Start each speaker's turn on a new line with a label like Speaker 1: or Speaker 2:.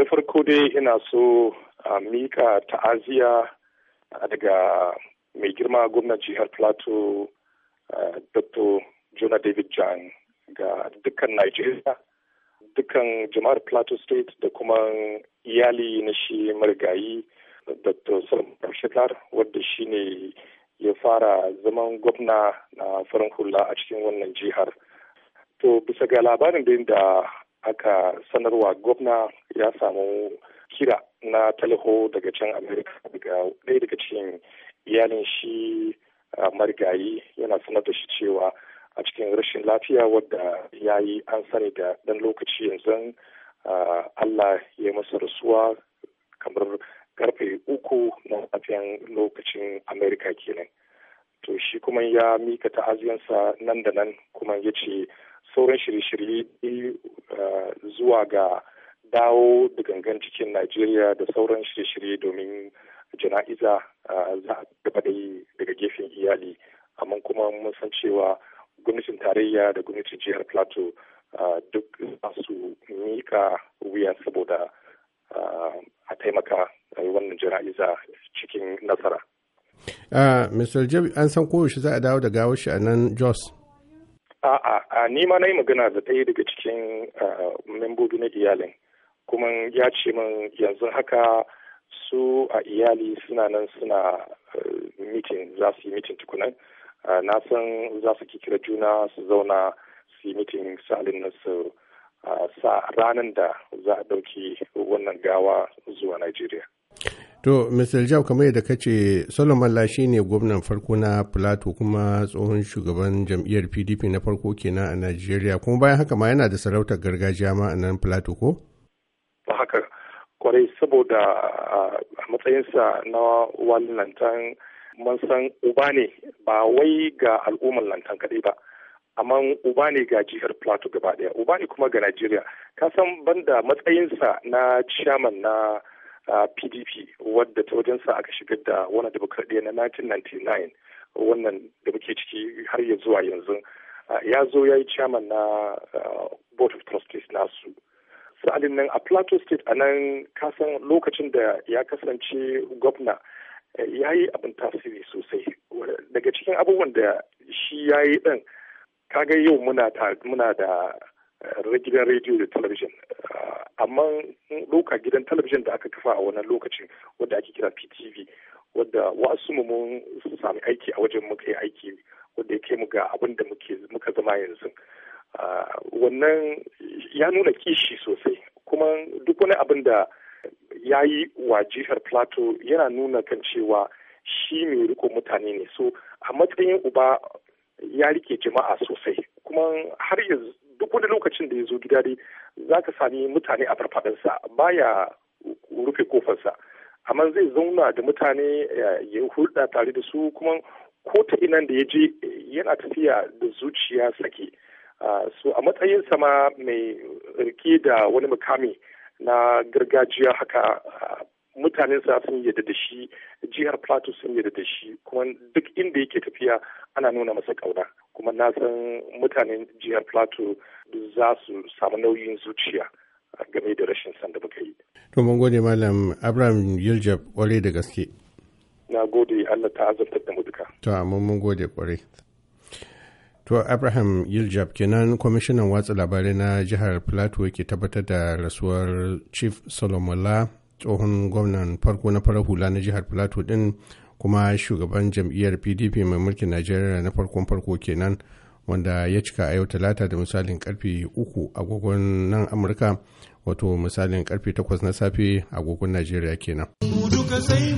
Speaker 1: da farko dai ina so a mika ta'aziya daga mai girma gwamnan jihar plateau dr jona david jan ga dukkan nigeria dukkan jama'ar plateau state da kuma iyali na shi marigayi dr salman shekar wadda shi ne ya fara zaman gwamna na farin hula a cikin wannan jihar to bisa ga labarin da aka sanarwa gwamna ya samu kira na talho daga can amerika daga ɗaya daga cikin iyalin shi marigayi yana sanar da shi cewa a cikin rashin lafiya wadda ya yi an sani da ɗan lokaci yanzu allah ya masa rasuwa kamar karfe uku na safiyan lokacin amerika kenan to shi kuma ya mika ta'aziyarsa nan da nan kuma ya ce sauran shirye-shirye eh, zuwa ga dawo da gangan cikin Najeriya da sauran shirye-shirye domin jana'iza za a gaba da yi daga gefen iyali amma kuma mun san cewa gwamnatin tarayya da gwamnatin jihar Plateau duk za su miƙa wuya saboda a taimaka wannan jana'iza cikin nasara.
Speaker 2: Mr. Jeb, an san koyaushe za a dawo da gawar shi a nan Jos.
Speaker 1: A'a, ni ma na yi magana da ɗaya daga cikin membobi na iyalin kuma ya ce min yanzu haka su a iyali suna nan suna eh, mitin za su yi mitin tukunan ah, na san za su kira juna su zauna su yi mitin salin na su ah, sa ranar da za a ɗauki wannan gawa zuwa Najeriya.
Speaker 2: To, Mr. Jau, kamar yadda ka ce, Solomon Lashi ne gwamnan farko na Plato kuma tsohon shugaban jam'iyyar PDP na farko kenan a Najeriya, kuma bayan haka ma yana da sarautar gargajiya ma a nan ko?
Speaker 1: haka kwarai saboda a matsayinsa na wani lantan mun san uba ne ba wai ga al'ummar lantan kaɗai ba amma uba ne ga jihar plateau gaba ɗaya uba ne kuma ga najeriya ka san banda matsayinsa na chairman na pdp wadda ta wajensa aka shigar da wani demokradiyya na 1999 wannan da muke ciki har ya zuwa yanzu ya zo ya yi chairman na board of trustees nasu sa'adin nan a plateau state a nan kasan lokacin da ya kasance gwamna eh, ya yi abin tasiri sosai daga cikin abubuwan da shi ya yi ɗin kaga yau muna da eh, gidan rediyo da talabijin ah, amma ɗauka gidan talabijin da aka kafa a wannan lokacin wadda ake kira ptv wadda wasu mu mun sami aiki a wajen muka yi aiki wadda ya kai mu ga abin da muka zama yanzu wannan ya nuna kishi sosai kuma duk wani abin da ya yi wa jihar plateau yana nuna kan cewa shi mai riko mutane ne so a matsayin uba ya rike jama'a sosai kuma har yanzu duk wani lokacin da ya zo gida dai za ka sami mutane a farfadansa baya rufe kofarsa amma zai zauna da mutane ya hulɗa tare da su kuma ko ta inan da ya je yana tafiya da zuciya sake Ah, su a matsayin sama mai rike da wani mukami na gargajiya haka ah, mutanensa sun yarda da shi jihar plateau sun yarda da shi kuma duk inda yake tafiya ana nuna masa ƙauna kuma na san mutanen jihar plateau za su samu nauyin zuciya ah, game da rashin san da muka yi.
Speaker 2: To mun gode malam Abraham Yiljab kwarai da gaske.
Speaker 1: Na gode Allah
Speaker 2: ta azabtar da mu duka. To mun gode kwarai. To Abraham Yiljab kenan kwamishinan watsa labarai na jihar Plateau ke tabbatar da rasuwar Chief Solomola tsohon gwamnan farko na farar hula na jihar Plateau din kuma shugaban jam'iyyar PDP mai mulkin Najeriya na farkon farko kenan wanda ya cika a yau talata da misalin karfe uku agogon nan Amurka wato misalin karfe takwas na safe agogon Najeriya kenan. sai